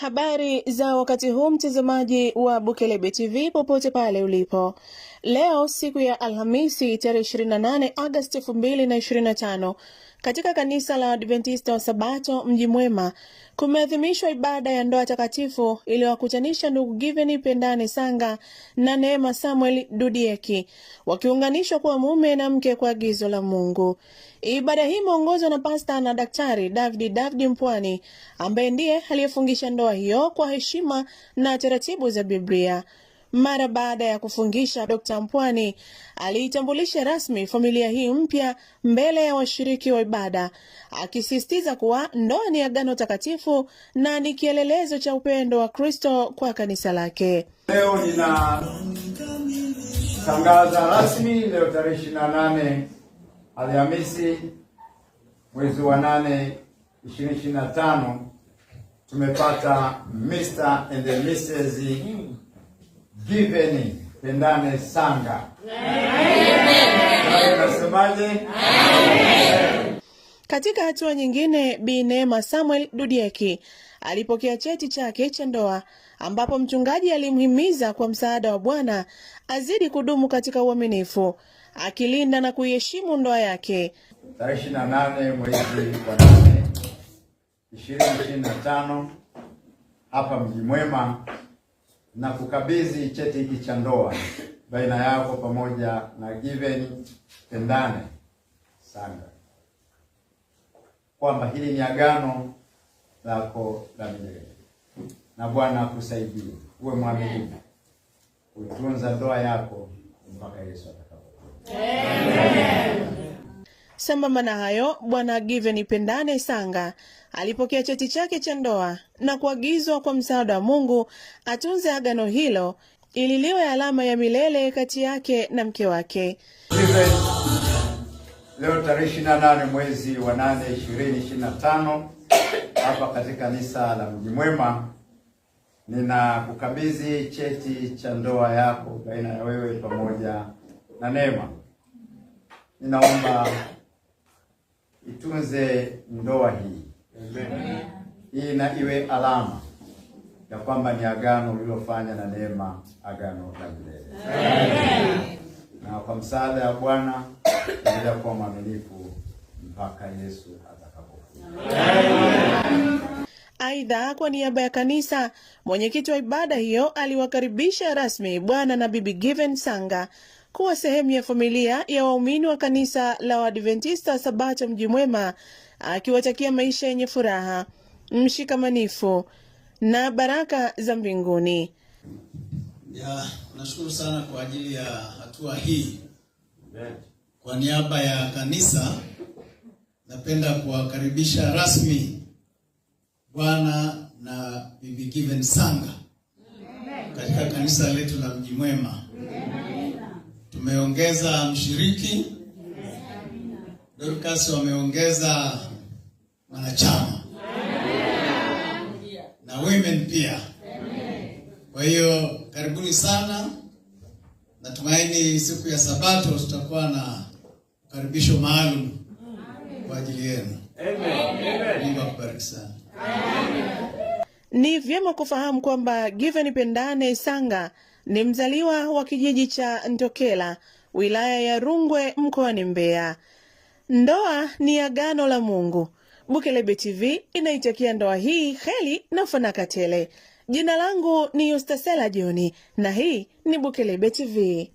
Habari za wakati huu mtazamaji wa Bukelebe TV popote pale ulipo. Leo siku ya Alhamisi tarehe 28 Agosti 2025. Katika kanisa la adventista wa Sabato mji Mwema kumeadhimishwa ibada ya ndoa takatifu iliyowakutanisha ndugu Given Pendane Sanga na Neema Samuel Dudieki wakiunganishwa kuwa mume na mke kwa agizo la Mungu. Ibada hii imeongozwa na pasta na daktari Davidi Davidi Mpwani ambaye ndiye aliyefungisha ndoa hiyo kwa heshima na taratibu za Biblia. Mara baada ya kufungisha, Dkt. Mpwani aliitambulisha rasmi familia hii mpya mbele ya washiriki wa ibada, akisisitiza kuwa ndoa ni agano takatifu na ni kielelezo cha upendo wa Kristo kwa kanisa lake. Leo tangaza rasmi, leo tarehe 28 Alhamisi mwezi wa 8 2025 tumepata Mr. and Mrs giveni pendane sanga. Nasemaje? Katika hatua nyingine, Bi Neema Samuel Dudieki alipokea cheti chake cha ndoa ambapo mchungaji alimhimiza kwa msaada wa Bwana azidi kudumu katika uaminifu akilinda na kuiheshimu ndoa yake. Tarehe 28 mwezi wa 8 2025 hapa Mji Mwema na kukabidhi cheti hiki cha ndoa baina yako pamoja na Given Tendane Sanga kwamba hili ni agano lako la milele, na Bwana akusaidie uwe mwaminifu kutunza ndoa yako mpaka Yesu atakapokuja. Amen. Sambamba na hayo, Bwana Given Pendane Sanga alipokea cheti chake cha ndoa na kuagizwa kwa msaada wa Mungu atunze agano hilo ili liwe alama ya milele kati yake na mke wake. Leo tarehe 28 mwezi wa 8 2025, hapa katika kanisa la Mji Mwema ninakukabidhi cheti cha ndoa yako baina ya wewe pamoja na Neema. Ninaomba itunze ndoa hii Amen. Hii na iwe alama ya kwamba ni agano ulilofanya na neema, agano la milele. Na kwa msaada ya Bwana endelea kuwa mwaminifu mpaka Yesu atakapokuja. Aidha, kwa niaba ya kanisa, mwenyekiti wa ibada hiyo aliwakaribisha rasmi bwana na bibi Given Sanga kuwa sehemu ya familia ya waumini wa kanisa la Waadventista Sabato mji Mwema, akiwatakia maisha yenye furaha, mshikamanifu na baraka za mbinguni. Ya, nashukuru sana kwa ajili ya hatua hii. Kwa niaba ya kanisa napenda kuwakaribisha rasmi Bwana na Bibi Given Sanga katika kanisa letu la Mji Mwema. Tumeongeza mshiriki Dorcas, wameongeza wanachama na women pia. Kwa hiyo karibuni sana. Natumaini siku ya Sabato tutakuwa na ukaribisho maalum kwa ajili yenu. Mungu akubariki sana. Ni vyema kufahamu kwamba Given Pendane Sanga ni mzaliwa wa kijiji cha Ndokela wilaya ya Rungwe mkoani Mbeya. Ndoa ni agano la Mungu. Bukelebe TV inaitakia ndoa hii heli na fanaka tele. Jina langu ni Yustasela Joni na hii ni Bukelebe TV.